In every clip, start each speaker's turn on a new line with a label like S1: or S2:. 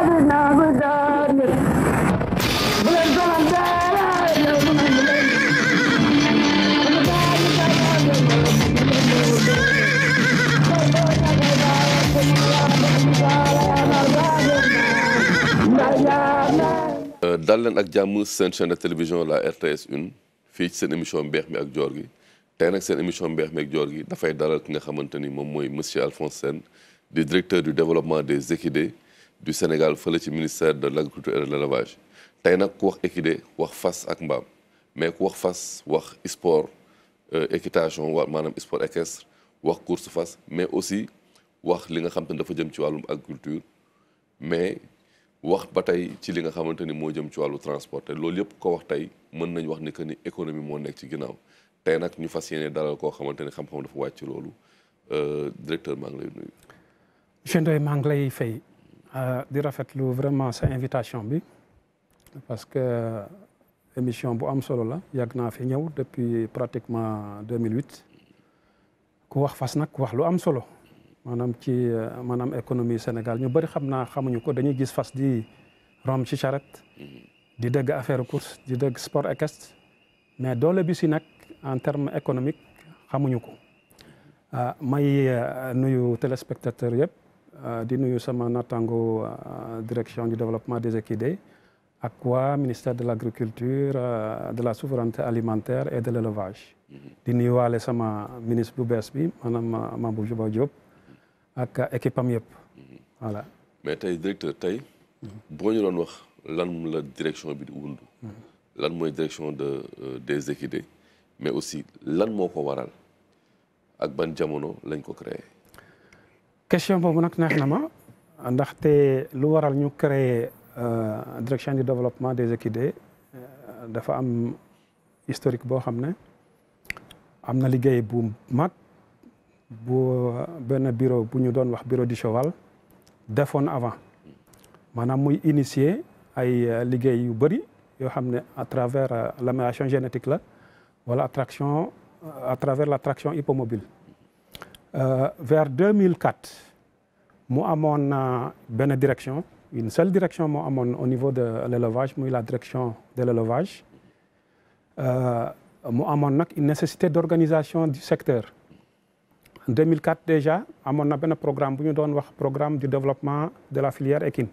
S1: Euh, dal
S2: leen ak jamm chaîne de télévision la RTS 1 fii ci seen émission mbeex mi ak joor tay nak nag émission mbeex mi ak joor da fay dalal ki nga xamante ni monsieur Alphonse le di directeur du développement des équidés du Sénégal fa la ci ministère de l' agriculture et de tey nag ku wax équidé wax fas ak mbaam mais ku wax fas wax sport euh, équitation wa maanaam sport équestre wax course fas mais aussi wax li nga xam te ne dafa jëm ci wàllum agriculture mais wax ba tey ci li nga xamante ni moo jëm ci wàllu transport te loolu yëpp ko wax tey mën nañu wax ni que ni économie moo nekk ci ginnaaw tey nag ñu fas yéene dalal koo xamante ni xam-xam dafa wàcc ci loolu euh, directeur maa ngi
S1: lay nuyu. fay. Euh, di rafetlu vraiment cette invitation parce que euh, émission bu am depuis pratiquement 2008 ku wax fas nag wax lu am solo ci euh, économie Sénégal ñu bëri xamuñu ko dañuy gis fas di ci course sport équestre mais bi si en terme économique xamuñu ko nuyu téléspectateur euh, di nuyu sama euh, direction du développement des équidés ak ministère de l'agriculture, euh, de la souveraineté alimentaire et de l'élevage. Nous mm-hmm. di nuyuwaale sama ministre bu l'Agriculture, bi maanaam Mamadou Djibo Diop ak équipe yep, mm-hmm. voilà
S2: mais tey directeur tey mm-hmm. boo ñu doon wax lan la direction bi di lan direction de des équidés mais aussi lan moo ko waral ak ban jamono créé
S1: question bobu nak neex euh, direction du développement des équidés euh, dafa am historique bu bu euh, bureau bu bureau du cheval avant manam muy initier ay yu à travers l'amélioration génétique la à travers l'attraction hippomobile euh, vers 2004 il y a direction une seule direction au niveau de l'élevage, la direction de l'élevage. Il y a une nécessité d'organisation du secteur En 2004 déjà nous avons un programme bu ñu programme de développement de la filière équine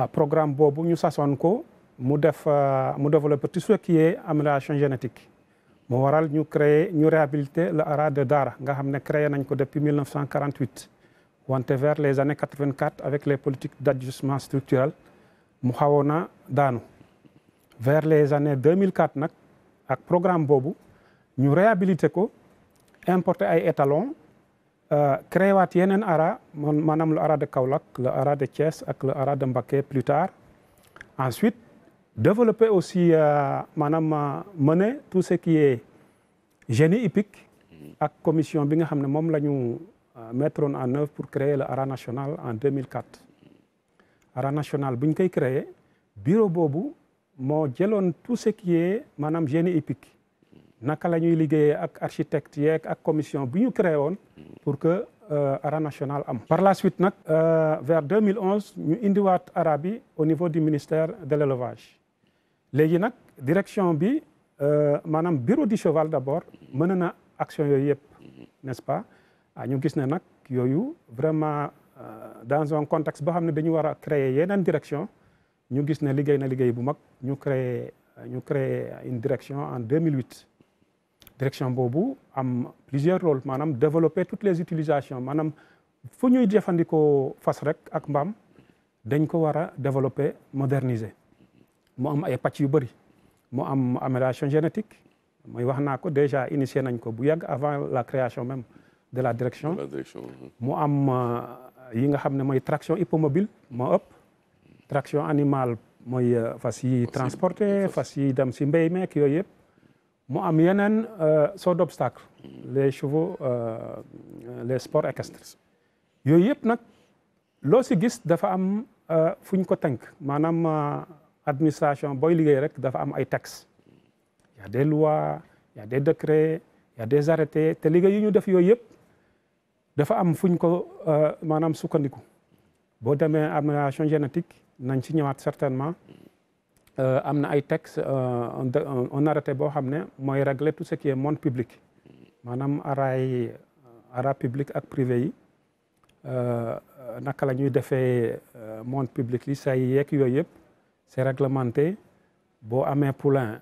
S1: euh, programme euh, développer tout ce qui est amélioration génétique nous avons ñu créer le hara de Dara nga avons créé depuis 1948 vers les années 84 avec les politiques d'ajustement structurel nous avons vers les années 2004 avec euh, le programme Bobu, nous réhabiliter réhabilité, importer un étalons créé un yeneen hara le hara de Kaulak, le hara de Thiès et le hara de Mbaké plus tard ensuite Développer aussi, euh, Madame, euh, tout ce qui est génie hippique la commission bi nga mis euh, mettre en œuvre pour créer l'Ara national en 2004. L'Ara national été créé koy bureau bobu, moi œuvre tout ce qui est Madame génie épique. Nous avons ñuy avec ak architecte la commission pour que ARA national am. par la suite vers 2011 nous avons au niveau du ministère de l'élevage Légui nag direction bi euh, maanaam bureau du cheval d'abord menena action yoyep n'est-ce pas ah ñu gis ne nag yooyu vraiment euh, dans un contexte boo xamné dañu wara créer yenen direction ñu gis né liggéey na liggéey bu mag ñu créer ñu créer une direction en 2008 direction bobu am plusieurs rôles manam développer toutes les utilisations manam fu ñuy jëfandikoo fas rek ak mbaam dañ ko wara développer moderniser mo am ay patch yu bari mo am amélioration génétique moy wax ko déjà initié nañ ko bu yag avant la création même de la direction uh-huh. mo am euh, yi nga xamné moy traction hippomobile mo op traction animale moy euh, fas yi facile fas yi dem si mbéy meek yooyu yëpp am yenen euh, saut d'obstacle mm-hmm. les chevaux les sports équestres yooyu yëpp nag si gis dafa am fu ñu ko tënk maanaam administration booy liggéey rek dafa am ay tax y a des lois y a des décrets te liggéey yu ñu def yooyu yëpp dafa am fuñ ko euh, maanaam sukkandiku boo demee amélioration génétique nañ ci ñëwaat certainement euh, am na ay textes euh, un arrêté boo xam ne mooy régler tout ce qui est monde public maanaam araay ara public ak privé yi naka la ñuy defee monde public li say yeek yooyu yëpp c'est réglementé boo amee poulain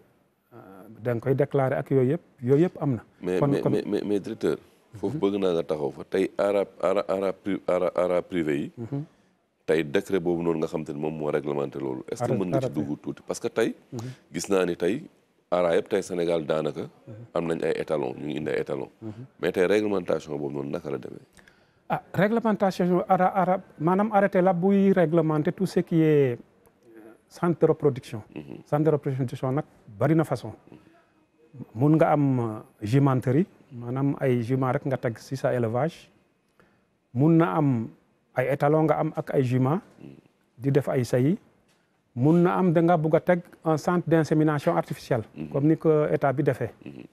S1: euh, da koy déclarer ak yooyu yëpp yooyu yëpp am na. kon mais mais
S2: mais mais directeur. foofu bëgg naa nga taxaw fa tey aara aara aara aara aara privé yi. Mhm. tey décret boobu noonu nga xam te ne moom moo réglementé loolu. est-ce que mën nga ci dugg tuuti parce que tey. Mhm. gis naa ni tey aara yëpp tey Sénégal daanaka. Mhm. am nañ ay étalons ñu ngi indi ay étalons. mais tey réglementation boobu noonu naka la demee.
S1: ah réglementation ara ara maanaam arrêté la buy réglementé tout ce qui est. centre de production centre mhm. de production nag bari na façon mun nga am euh, jumenterie maanaam ay jument rek nga teg si sa élevage mun na am ay étalon nga am ak ay jument di def ay sayi mun na am da nga bugg a teg un centre d' insémination artificielle mhm. comme ni ko état bi defee mhm.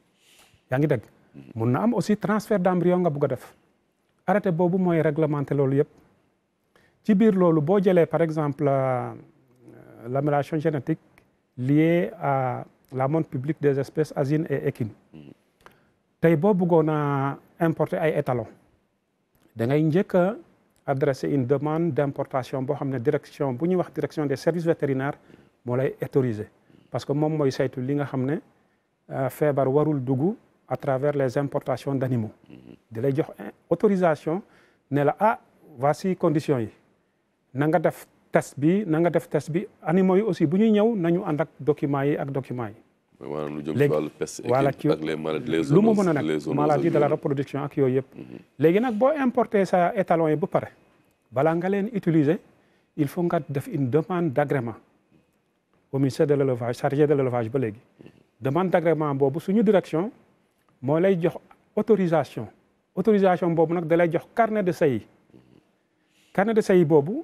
S1: yaa ngi dégg mun na am aussi transfert d' embryon nga bugg def arrêté boobu mooy réglementé loolu yëpp ci biir loolu boo jëlee par exemple euh, l'amélioration génétique liée à la montre publique des espèces asines et équines Tay bo bëggoon importer ay étalons da ngay adresser une demande d'importation bo xamné direction bu wax direction des services vétérinaires mo lay autorisé parce que mom moy saytu li nga xamné euh, fièvre warul dugu à travers les importations d'animaux. De lay jox autorisation né la ah voici conditions yi na nga def tasbi nanga na nga def tasbi ani animaux yi aussi bu ñew nañu ànd ak documents yi ak document yi.
S2: léegi lu les mën a nekk maladies de la
S1: reproduction ak yooyu yëpp mhm. léegi nag boo importer sa étalon yi ba pare balaa nga leen utiliser il faut nga def une demande d'agrément au ministère de l'élevage chargé de l'élevage ba légui mhm. demande d'agrément bobu suñu direction mo lay jox autorisation autorisation bobu nak da lay jox carnet de saillie mhm. carnet de saillie bobu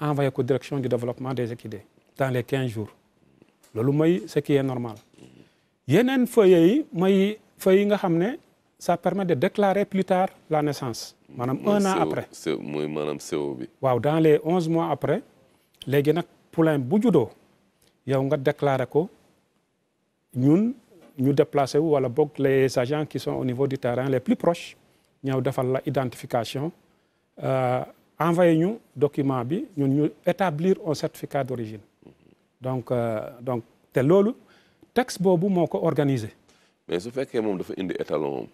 S1: envoyé la direction du développement des équidés dans les 15 jours C'est ce qui est normal Il feuilles a mooy feuilles qui ça permet de déclarer plus tard la naissance. un an après Wow, dans les 11 mois après les gens qui ont juddoo yow nga déclarer nous, nous ñu déplacé les agents qui sont au niveau du terrain les plus proches ont ont la identification. Euh, envoyé ñu document bi nous ñu établir un certificat d'origine donc euh, donc te loolu texte boobu moo ko organisé.
S2: mais su que moom dafa indi étalon moom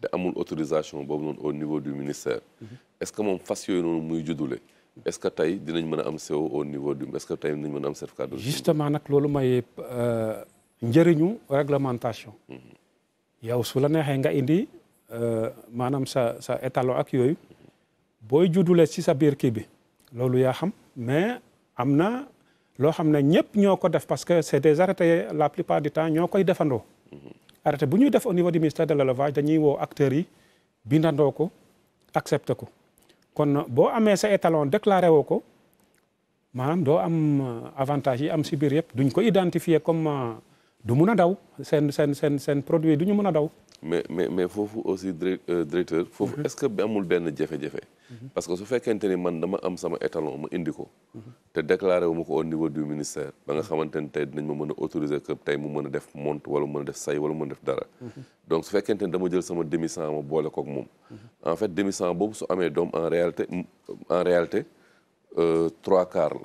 S2: te amul autorisation boobu au niveau du ministère mhm. est-ce que moom fas nous noonu muy juddule est-ce que tey dinañ mën a am CO au niveau du est-ce que tey dinañ mën a am certificat d'origine justement
S1: nag loolu mooy euh, nous réglementation a mhm. su la neexee nga indi euh, maanaam sa sa étalon ak yooyu booy judulee ci sa biir kii bi loolu yaa xam mais am na loo xam ne ñëpp ñoo ko def parce que c'est des arrêtés la plupart du temps ñoo koy defandoo mm-hmm. arrêté bu ñuy def au niveau du ministère de l'élevage dañuy woo acteurs yi bindandoo ko accepté ko kon boo amee sa étalon déclaré woo ko maanaam doo am avantage yi am ci biir yëpp duñ ko identifier comme euh, du mun a daw seen seen seen seen produit du ñu mun a daw
S2: mais mais mais foofu aussi euh, directeur foofu mhm. est-ce que bi amul benn jafe-jafe mhm. parce que su fekkente ni man dama am sama étalon ma indi ko mhm. te déclaré wu ko au niveau du ministère ba nga xamante ni tey dinañ ma mën a autoriser que tey mu mën a def monte wala mën def say wala mu def dara donc su fekkente ni dama jël sama demi-sang boole kook moom en fait demi-sang boobu su amee doom en réalité en réalité euh, trois quarts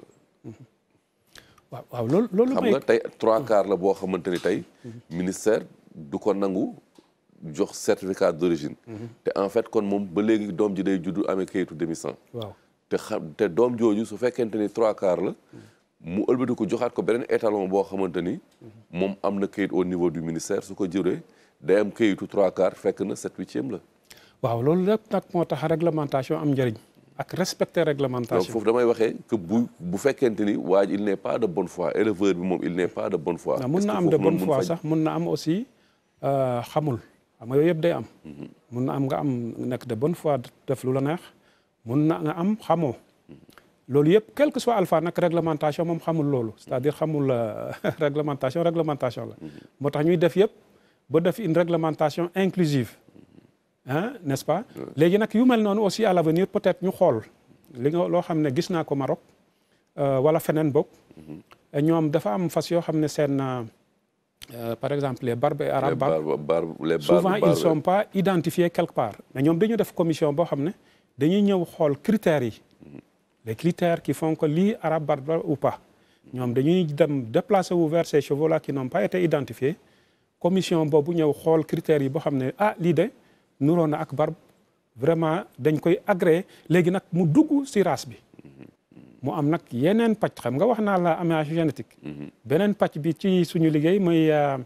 S1: la waaw loolu loolu xam nga
S2: tey trois quarts la boo xamante ni tey ministère du ko nangu jox certificat d'origine. Mhm. en fait kon mom ba légui dom ji day amé de demi waaw té su ni trois quarts la. mu joxat ko benen étalon bo xamanteni mom mhm. amna au niveau du ministère su ko day am kayitu trois fekk na 8 la.
S1: waaw lolou nak réglementation am ak respecter réglementation donc fofu
S2: damay waxé que bu bu ni il n'est pas de bonne foi éleveur bi mom il n'est pas de bonne foi. est am de bonne foi sax
S1: am aussi euh, xamul xam nga day am. mun na am nga am nek de bonne foi def lu la neex mun na nga am xamoo. loolu yëpp quel que soit alpha nak réglementation moom xamul loolu c'est-à-dire xamul euh, réglementation réglementation la. moo tax ñuy def yëpp ba def une réglementation inclusive hein, n'est-ce pas. léegi nag yu mel noonu aussi à l'avenir peut-être ñu xool li nga loo xam ne gis naa ko Maroc euh, wala feneen bokk. Mhm. ñoom dafa am fas yoo xam ne seen. Euh, euh, par exemple, les Barbes Arabes,
S2: souvent ils ne sont
S1: pas identifiés quelque part. Mais nous avons une commission nous a des critères. Les critères qui font que les Arabes ou pas. Nous avons déplacé vers ces chevaux-là qui n'ont pas été identifiés. La commission a ñëw les critères yi boo ah lii de nuroon les ak barbe vraiment dañ koy agréé les nag mu dugg si race mu am nak yeneen pàcc xam nga wax naa la aménage génétique mhm. beneen pàcc bi ci suñu liggéey mooy euh,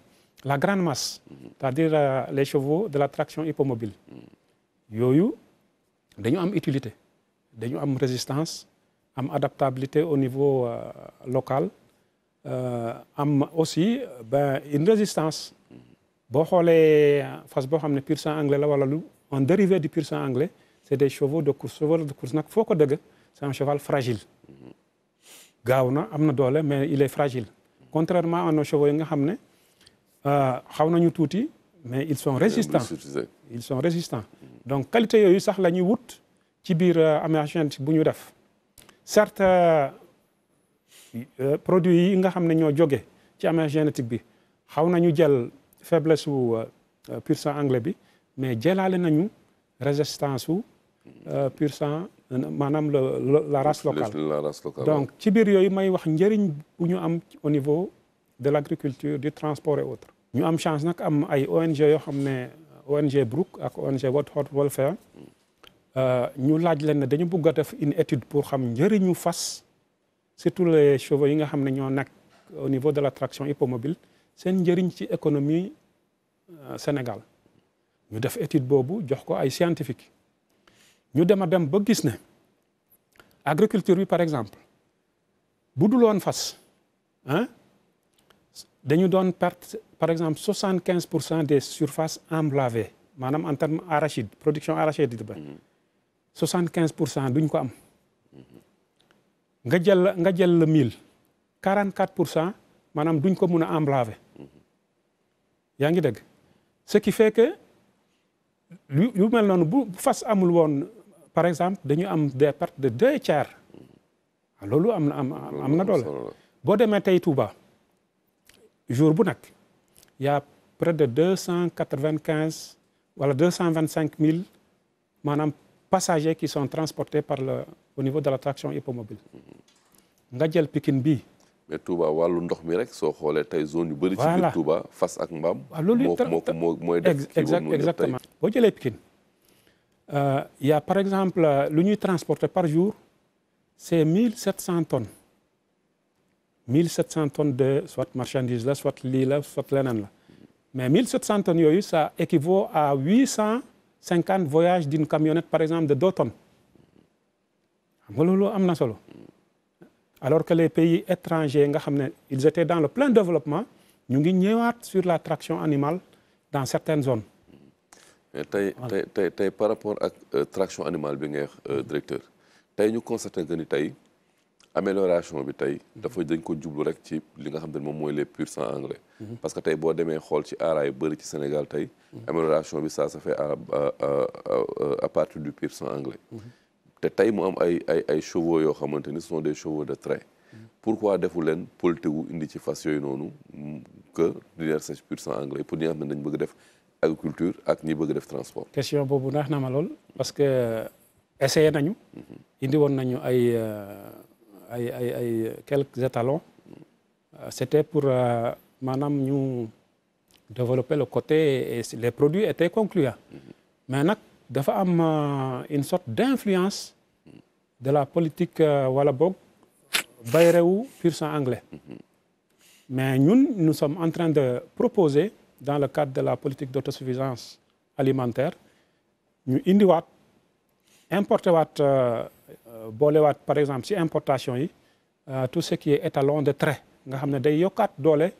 S1: la grande masse mhm. c'est-à-dire euh, les chevaux de la traction hippomobile mhm. yooyu dañu am utilité dañu am résistance am adaptabilité au niveau euh, local am aussi ben une résistance boo xoolee fas boo xam pur sang anglais la wala lu un dérivé du pur sang anglais c'est des chevaux de course chevaux de course nag foo ko dëgg c'est un cheval fragile gaaw amna am doole mais il est fragile contrairement à nos chevaux yi nga xamné euh xaw nañu tuuti mais ils sont euh, résistants ils sont résistants donc qualité yoyu sax la ñuy wut ci biir euh, aménagement bu ñu def certes euh, produits yi nga xamné ne ñoo jóge ci amère génétique bi xaw jël faiblesse wu pur sang anglais bi mais jëlaale nañu résistance euh, pur sang maanaam la
S2: la race locale donc
S1: ci biir yooyu may wax njëriñ bu au niveau de l'agriculture, du transport et autres Nous avons chance nag am ay ONG yoo et ONG Brook ak ONG World Health Welfare Nous avons fait une étude pour xam njëriñu c'est surtout les chevaux yi nga xam au niveau de l'attraction hippomobile c'est une ci économie euh, Sénégal ñu def étude pour jox ko ay scientifique nous avons a dem ba gis agriculture par exemple bu dul woon fas Nous hein, dañu par exemple 75% des surfaces emblavées maanaam en terme arachide production arachide 75% mm-hmm. soixante pour cent duñ ko am nga jël nga jël le 1000 44 a mm-hmm. ce qui fait que lu mel noonu bu fas amul par exemple dañu am des pertes de deux tiers ah, loolu am am am na doole boo demee tey Touba jour bu Il y a près de 295, cent 225 000, quinze wala passagers qui sont transportés par le au niveau de l'attraction hippomobile
S2: nga jël Pikine bi. mais Touba walu ndokh mi rek so xolé tay zone yu bëri ci biir Touba face ak mbam. Ah, mo mo mo ko moo mooy exactement Bo jëlee Pikine
S1: il euh, y a par exemple euh, le nuit par jour, c'est 1700 tonnes. 1700 tonnes de soit marchandises soit l'île, soit l'île. mais 1700 tonnes ça équivaut à 850 voyages d'une camionnette par exemple de 2 tonnes alors que les pays étrangers ils étaient dans le plein développement ñu ngi sur la traction animale dans certaines zones.
S2: Euh, tey tey tey tey par rapport ak euh, traction animale bi ngay wax euh, mm-hmm. directeur tey ñu constaté que ni tey amélioration bi tey mm-hmm. dafa dañ ko jublu rek ci li nga xam ne moom mooy les pur sans engrais mm-hmm. parce que tey boo demee xool ci aaraay bëri ci Sénégal tey amélioration bi ça se fait à à partir du pur sans engrais te tey mu am ay ay ay chevaux yoo xamante ni ce sont des chevaux de trait pourquoi defu leen politique wu indi ci fas yooyu noonu que l'élevage pur sans engrais pour ñi nga xam ne def agriculture et transport.
S1: question pour vous ma parce que euh, essayé nañu. Mhm. indi woon nañu euh, quelques étalons. Euh, c'était pour maintenant nous développer le côté et les produits étaient concluants. Mhm. mais nous dafa une sorte d'influence de la politique wala de bay pur anglais. Mhm. mais nous, nous sommes en train de proposer dans le cadre de la politique d'autosuffisance alimentaire nous indiquons, importé euh, euh, bolé, par exemple si importation yi euh, tout ce qui est étalon de trait nous avons des day yokkaat doole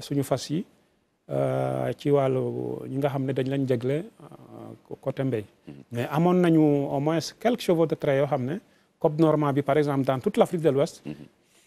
S1: suñu fas yi ci nous ñi nga au côté dañ lañ mais nous nañu au moins quelques chevaux de trait nous xam comme par exemple dans toute l'Afrique de l'Ouest mhm.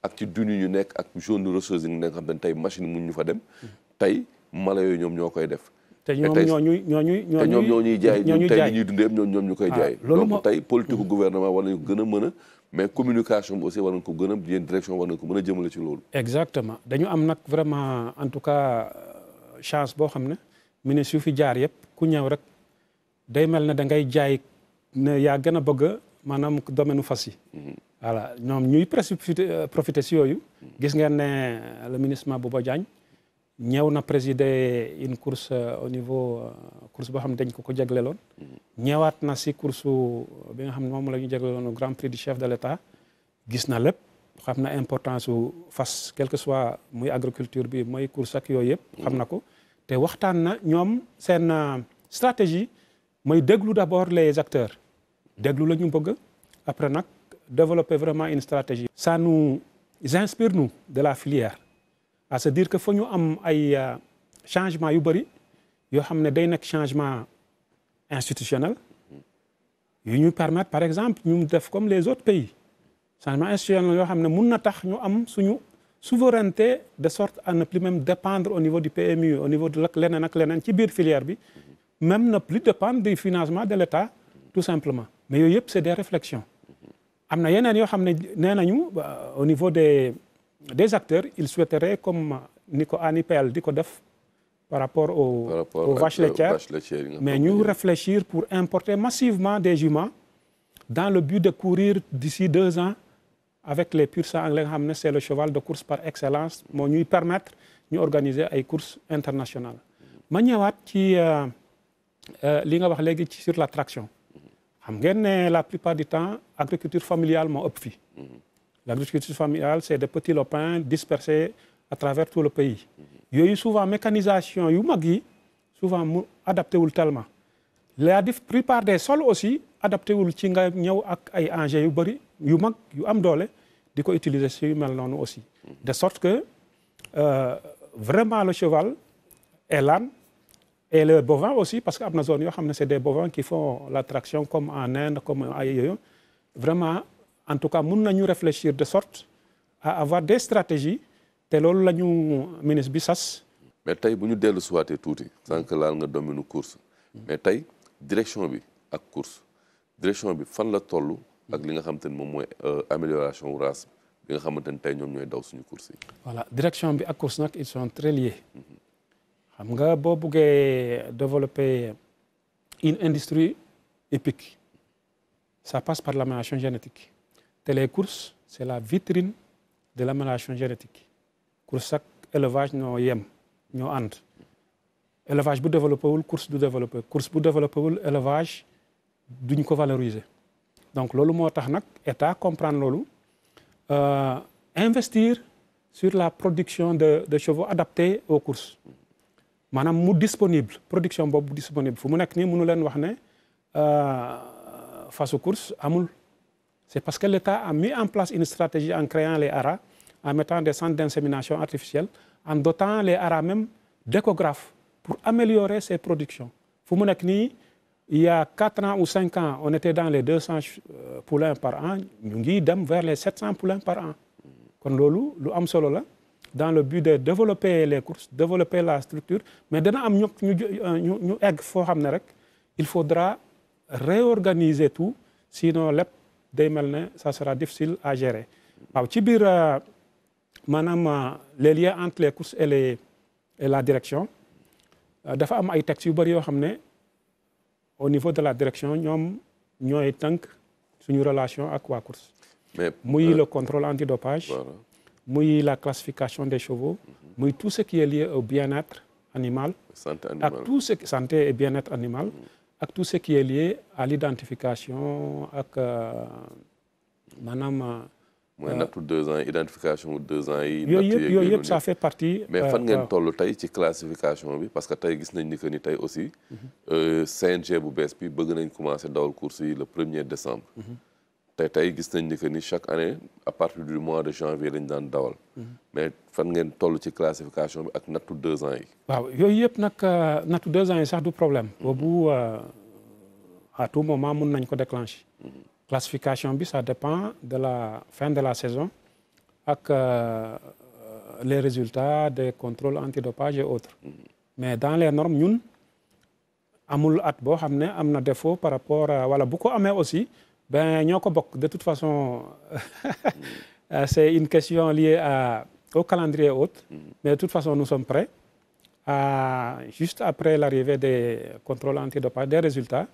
S2: ak ci duni ñu nekk ak zone de ressources yi nga xam ne tey machine mun ñu fa dem tey mala yooyu ñoom ñoo koy def te ñoom ñooñuy
S1: ñooñuy te ñoom ñoo ñuy jaay ñun tey li ñuy
S2: dundee yëpp ñoom ñoom ñu koy ah, jaay donc tey politique gouvernement war nañu ko gën a mën a mais communication bi aussi war nañu ko gën a yéen direction war nañu ko mën a jëmale ci loolu
S1: exactement dañu am nag vraiment en tout cas euh, chance boo xam ne ministre yu fi jaar yëpp ku ñëw rek day mel ne da ngay jaay ne yaa gën a bëgg maanaam domaine fas yi mm-hmm. voilà ñom ñuy euh, profiter ci yoyu gis ngeen né le ministre Mabouba Diagne ñew na présider une course euh, au niveau euh, course bo xam dañ ko ko lon ñewat na ci course bi nga xam mom la ñu grand prix du chef de l'état gis na lepp xam na importance fas quel que soit muy agriculture bi muy course ak yoy yëpp xam na ko te waxtaan na ñom sen stratégie muy déglu d'abord les acteurs déglu la bëgg après nak développer vraiment une stratégie. Ça nous inspire, nous, de la filière. À se dire que faut nous am ay euh, changement yu bari yo xamné day nek changement institutionnel yu nous permettre par exemple ñu faire comme les autres pays. Changement institutionnel yo xamné mën nous tax ñu souveraineté de sorte à ne plus même dépendre au niveau du PMU, au niveau de l'ENEN ak l'ENEN ci filière même ne plus dépendre du financement de l'État tout simplement. Mais il yëpp c'est des réflexions. Euh, au niveau des des acteurs ils souhaiteraient comme Nico Anipel par rapport aux vaches laitières mais nous réfléchir pour importer massivement des juments dans le but de courir d'ici deux ans avec les pur sang anglais c'est le cheval de course par excellence pour ñuy permettre ñu organiser ay courses internationales ma ñëwaat ci euh, euh, li nga wax sur la la plupart du temps agriculture familiale m'a ëpp mhm. L'agriculture familiale c'est des petits lopins dispersés à travers tout le pays Il mhm. souvent mécanisation yu mag mécanisation, souvent adaptée adapté wul tellement la plupart des sols aussi adapté wul ci nga ñëw ak ay engins yu bëri yu mag yu am doole di aussi mhm. de sorte que euh, vraiment le cheval est l'âne et le bovin aussi, parce qu'Amazon, c'est des bovins qui font l'attraction comme en Inde, comme ailleurs. Vraiment, en tout cas, nous devons réfléchir de sorte à avoir des stratégies. C'est ce que nous
S2: ministre Bissas. Mais aujourd'hui, si nous devons souhaiter tout, sans que nous domine une course. Mais aujourd'hui, direction bi ak course direction bi fan la toll ak li nga xamante ne moom euh, amélioration race bi nga xamante ne tey ñoom ñooy daw suñu course
S1: voilà direction bi ak course ils sont très liés. Mm-hmm xam nga développer une industrie épique ça passe par l'amélioration génétique courses c'est la vitrine de l'amélioration génétique course ak élevage ñoo yem élevage course du développer. course bu élevage duñ ko valoriser donc comprendre euh, investir sur la production de chevaux adaptés aux courses manam mu disponible production boobu disponible fu mu nekk nii mënu leen euh, face ne courses, amul c'est parce que l'État a mis en place une stratégie en créant les haras en mettant des centres d'insémination artificielle en dotant les haras même d'échographes pour améliorer ses productions fu mu il y a 4 ans ou 5 ans on était dans les 200 euh, poulains par an nous ngi vers les 700 poulains par an kon lolu lu am solo dans le but de développer les courses développer la structure mais maintenant, euh, il faudra réorganiser tout sinon ce ça sera difficile à gérer euh, euh, les liens entre les courses et la direction textes au niveau de la direction nous avons une relation avec la course
S2: avons le contrôle
S1: antidopage moi, la classification des chevaux, tout ce qui est lié au bien-être animal, à tout ce, santé et bien-être animal, avec tout ce qui est lié à l'identification, avec euh, madame.
S2: tout deux ans identification deux ans yi. ça fait partie. Euh, mais fan ngeen vous tey la classification parce que vous avez nañ ni que ni aussi. saint euh, bu bespi bi bëgg nañ commencé dawal course le le er décembre tay ce gis nañ ni chaque année à partir du mois de janvier lañ dan dawal. mais fan ngeen toll ci classification bi ak deux ans yi.
S1: waaw yoy euh, deux ans yi sax du problème. Euh, à tout moment on nañ ko déclencher. classification bi ça dépend de la fin de la saison ak euh, les résultats des contrôles antidopage et autres. mais dans les normes ñun amul at bo xamné amna défaut par rapport wala bu ko aussi. Ben, de toute façon, euh, c'est une question liée à, au calendrier haute, mm-hmm. mais de toute façon, nous sommes prêts. À, juste après l'arrivée des contrôles antidopage, des résultats,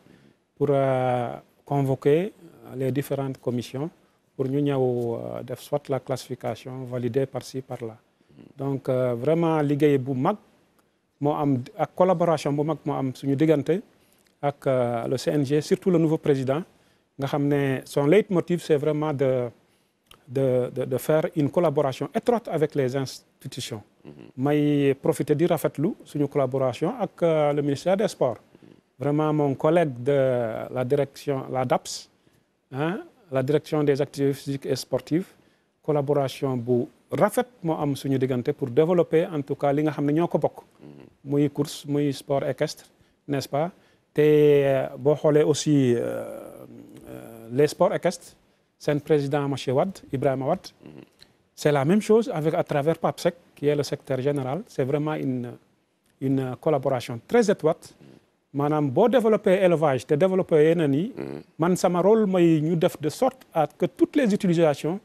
S1: pour euh, convoquer les différentes commissions pour nous ayons euh, soit la classification validée par-ci, par-là. Mm-hmm. Donc, vraiment, l'IGE beaucoup la collaboration avec le CNG, surtout le nouveau président son leitmotiv c'est vraiment de de de faire une collaboration étroite avec les institutions. Mhm. may profiter Lou, c'est une collaboration avec euh, le ministère des sports. vraiment mon collègue de la direction la DAPS hein, la direction des activités physiques et sportives collaboration pour rafet pour développer en tout cas les nga xam mhm. course sport équestre n'est-ce pas Et euh, aussi. Euh, les sports équestres, le président monsieur Wad. Ibrahima Wad. c'est la même chose avec à travers PAPSEC qui est le secteur général c'est vraiment une une collaboration très étroite. maanaam boo développé élevage te développer yeneen yi. man sama rôle mooy ñu def de sorte à que toutes les utilisations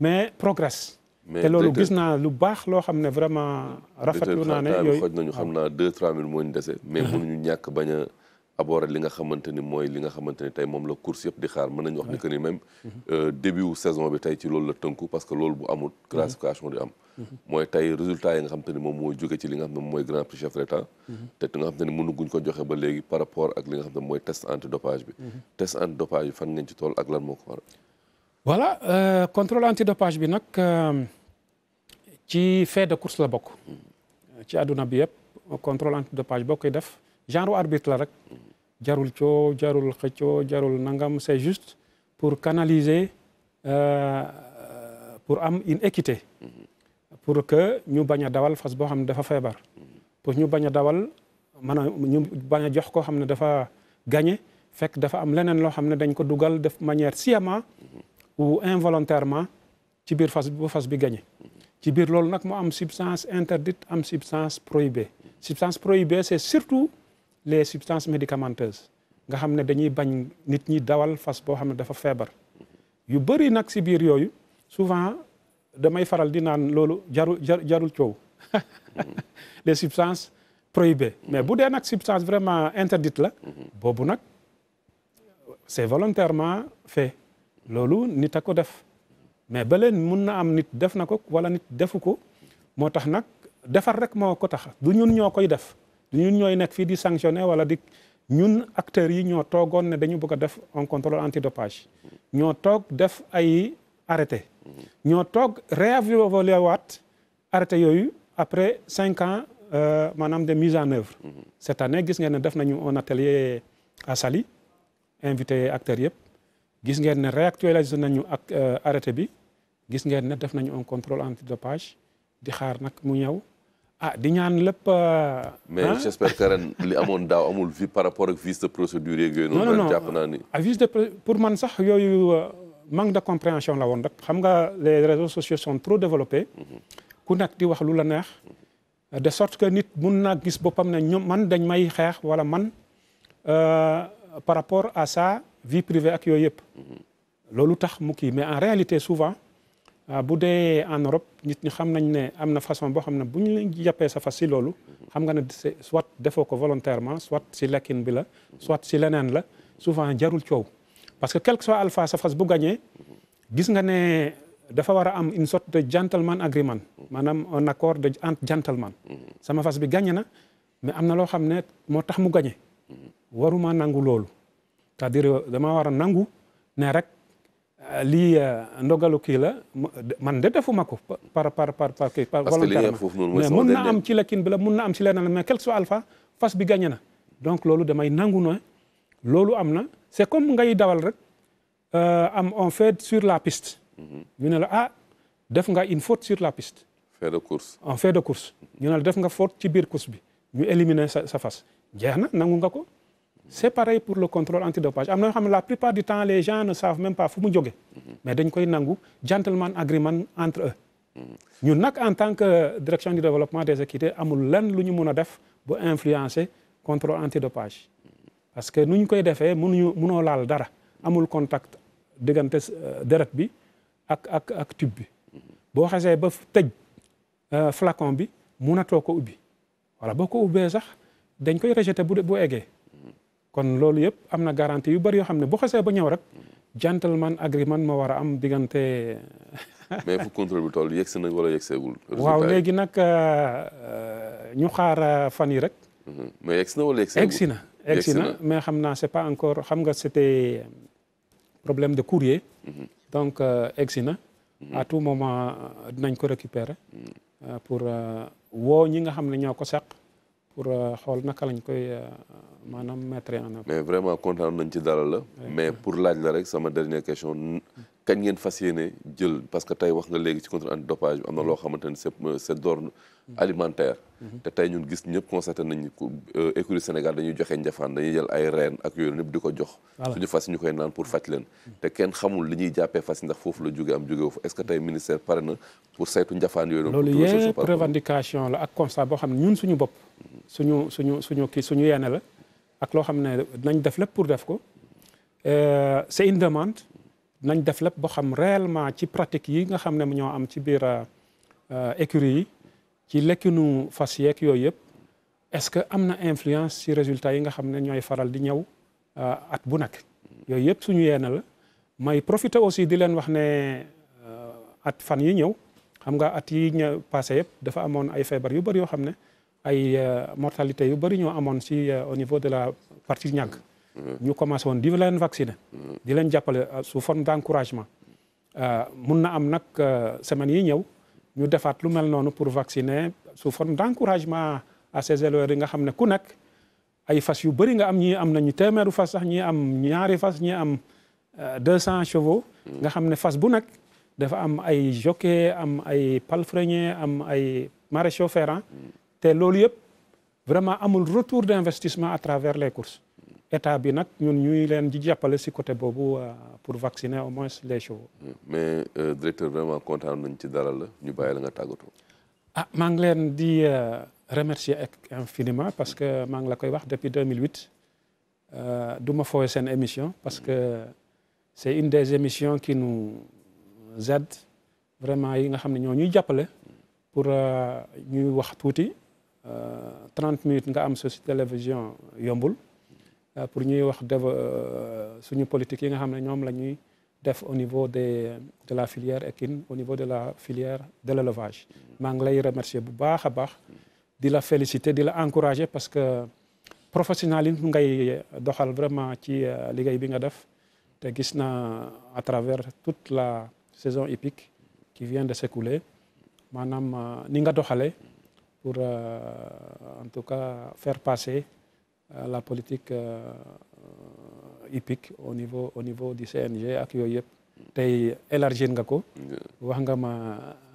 S1: mais progressent. Mais loolu gis lu baax loo xam vraiment.
S2: rafetlu deux trois mille mais nous ñàkk aboré li nga xamante ni mooy li nga xamante ni tey moom la course yëpp di xaar mën nañu wax ni que ni même mhm. euh, début wu saison bi tey ci loolu la tënku parce que loolu bu amul classification du am mhm. mooy tey résultat yi nga xamante ni moom mooy jóge ci li nga xam ne mooy grand prix chef de l'État mhm. te nga ko joxe ba léegi par rapport ak li nga xam ne mooy test antidopage bi test antidopage bi fan ngeen ci tool ak lan moo ko waral voilà
S1: euh, contrôle antidopage bi nag euh, ci fait de course la bokk ci àdduna bi yëpp contrôle antidopage boo koy def genre arbitre la rek jarul coo jarul xëccoo jarul nangam c'est juste pour canaliser euh, pour am une équité pour que ñu bañ a dawal fas boo xam ne dafa feebar pour ñu bañ a dawal mën a ñu bañ a jox koo xam ne dafa gagné fekk dafa am leneen loo xam ne dañ ko dugal def manière sciemment ou involontairement ci biir fas bu fas bi gañe ci biir loolu nag mu am substance interdite am substance prohibée substance prohibée c'est surtout les substances médicamenteuses nga xam dañuy bañ nit ñi dawal fas bo xam ne dafa fièvre. yu bari nak ci biir yoyu souvent damay faral di naan lolu jarul jarul ciow. les substances prohibées mais bu dé nak substance vraiment interdite la bobu nak c'est volontairement fait lolu nit a def mais balen leen na am nit def na wala nit defuko motax nak tax defar rek moo ko tax du ñun ñokoy def ñun ñooy nekk fii di sanctionné wala di ñun acteurs yi ñoo toogoon ne dañu bëgg a def un contrôle antidopage ñoo toog def ay arrêté ñoo toog réévaluer waat arrêté yooyu après 5 ans euh, maanaam de mise en œuvre cette année gis ngeen ne def nañu un atelier à Saly invité acteurs yëpp gis ngeen ne réactualisé nañu ak euh, arrêté bi gis ngeen ne def nañu un contrôle antidopage di xaar nag mu ñëw ah di ñaan lepp euh, mais hein? j'espère
S2: que ren li amone daw amul vie par rapport ak vice de procédure yeeg yooyu. non non jàpp naa ni. Ah,
S1: vice de pour man sax yoyu euh, manque de compréhension la won rek xam nga les réseaux sociaux sont trop développés. Mm-hmm. ku nak di wax lu la neex. de sorte que nit mun na gis bopam ne ñoom man dañ may xeex wala man euh par rapport à sa vie privée ak yooyu yëpp. Mm-hmm. loolu tax mu kii mais en réalité souvent. Euh, bu dee en Europe nit ñi xam nañ ne am na façon boo xam ne bu ñu leen jàppee sa fas si loolu xam nga ne soit defoo ko volontairement soit si lekkin bi la soit si leneen la souvent jarul coow parce que quel que soit alpha sa fas bu gagné gis nga ne dafa war a am une sorte de gentleman agreement maanaam un accord de entre gentleman sama fas bi gagné na mais am na loo xam ne moo tax mu gagné waruma nangu loolu c'est-à-dire dama war a nangu ne rek Euh, lii euh, ndogalu kii la man de defuma ko par par par par par volontairement mun na am ci lekkin bi la mun na am ci leneen mais quel que soit alpha fas bi gagné na donc loolu damay nangu na loolu am na c'est comme ngay dawal rek euh, am on fait sur la piste mhm. ñu ne la ah def nga une faute sur la piste
S2: fait de course
S1: de course ñu ne la def nga foot ci biir course bi ñu éliminer sa sa fas jeex na nangu nga ko c'est pareil pour le contrôle antidopage la plupart du temps les gens ne savent même pas où ils sont. mais ils koy un gentleman agreement entre eux Nous, en tant que direction du développement des équités nous l'un lu ñu mun a def contrôle antidopage parce que nous avons fait, nous avons mënoo dara amul contact direct euh, avec bi ak ak ak tube bi vous avez ba euh, flacon vous munatoo ko vous voilà beaucoup ko ubbee sax dañ koy rejeter bu kon loolu yëpp am na garantie yu bari yoo xam ne bu xasee ba ñëw rek gentleman agreement ma war a am diggante.
S2: mais fu contrôle bi toll yegsi na wala yegseegul. waaw léegi
S1: nag euh, euh, ñu xaar euh, fan yi rek.
S2: Mm-hmm. mais yegsi na wala yegseegul yegsi na yegsi na
S1: mais xam naa c'est pas encore xam nga c'était problème de courrier. Mm-hmm. donc yegsi na. Mm-hmm. à tout moment dinañ ko récupérer. pour woo ñi nga xam ne ñoo ko seq. pour euh, xool naka lañ koy euh, maanaam mettre en œuvre.
S2: mais vraiment kontaan nañ ci dalal la. mais pour laaj la rek sama dernière question kañ ngeen fas yéene jël parce que tey wax nga léegi ci contre antidopage bi am na loo xamante ni c'est c'est d'ordre alimentaire te tey ñun gis ñëpp constaté nañ euh, écurie Sénégal dañuy joxe njafaan dañuy jël ay reen ak yooyu ñëpp di ko jox suñu fas yi ñu koy naan pour faj leen hmm. te kenn xamul li ñuy jàppee fas ndax foofu la jóge am jóge foofu est ce que tey ministère pare na pour saytu njafaan yooyu loolu yëpp
S1: la ak constat boo xam ne ñun suñu bopp suñu suñu suñu kii suñu yéene la ak loo xam ne nañ def lépp pour def ko euh, c'est un demande nañ def lépp boo xam réellement ci pratique yi nga xam ne ñoo am ci biir euh, écurie yi ci lekkinu fas yeeg yooyu yëpp est-ce que am na influence si résultat yi nga xam ne ñooy faral di ñëw euh, at bu nag yooyu yëpp suñu yeena la may profité aussi di leen wax ne euh, at fan yi ñëw xam nga at yi ñëw passé yëpp dafa amoon ay feebar yu bëri yoo xam ne ay euh, mortalité yu bëri ñoo amoon si au niveau de la partie ñàgg mm. ñu commencé woon di leen vacciner mm. di leen jàppale sous forme d'encouragement mun na am nag semaines yi ñëw ñu defaat lu mel noonu pour vacciner sous forme d' encouragement à ces éleveurs yi nga xam ne ku nekk ay fas yu bëri nga am ñii am nañu téeméeru fas sax ñii am ñaari fas ñii am euh, deux cent chevaux. nga xam ne fas bu nekk dafa am ay jockey am ay palefrenier am ay chauffeur. ferrants te loolu yëpp vraiment amul retour d' investissement à travers les courses état bi nak ñun ñuy leen di jappalé ci côté bobu euh, pour vacciner au moins les chevaux.
S2: mais euh, directeur vraiment content nañ ci dalal la ñu bàyyi la nga tàggatoo.
S1: ah leen di euh, remercier infiniment parce que ma ngi la koy wax depuis 2008 du ma fowé une émission parce que c'est une des émissions qui nous aide vraiment yi nga xamni ñuy jappalé pour ñuy wax euh, 30 minutes nga am la télévision yombul. Euh, pour ñuy wax de euh, suñu politique yi nga xamné ñom lañuy def au niveau des de la filière équine au niveau de la filière de l'élevage Je mm. ngi lay remercier bu je a baax di la féliciter di la encourager parce que professionnalisme ngay doxal vraiment ci euh, liggéey bi nga def te gis na à travers toute la saison épique qui vient de s'écouler manam ni nga doxale pour en tout cas faire passer euh, la politique euh, hippique au niveau au niveau du CNG ak yooyu yëpp élargir nga wax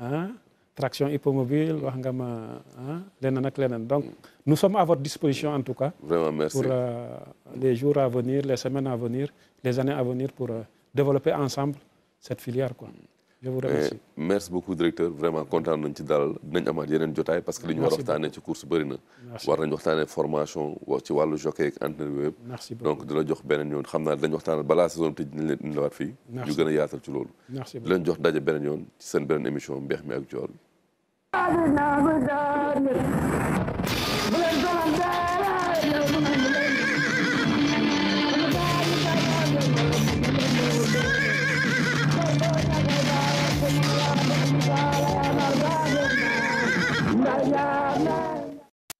S1: hein, traction hippomobile wax nga ma hein, donc mm. nous sommes à votre disposition en tout cas. pour euh, les jours à venir les semaines à venir les années à venir pour développer ensemble cette filière quoi. Mm.
S2: je vous eh, remercie mais merci beaucoup directeur vraiment kontaan nañ ci dalal dinañ amaat yeneen jotaay parce que li ñu war a waxtaanee ci course bëri na. war nañ waxtaanee formation ci wàllu jockey ak entraîneur donc di jox beneen yoon xam naa dañ waxtaan balaa saison bi tëj dinañ leen indiwaat fii. ñu gën a yaatal ci loolu. di leen jox daje beneen yoon ci seen beneen émission mbeex mi ak joor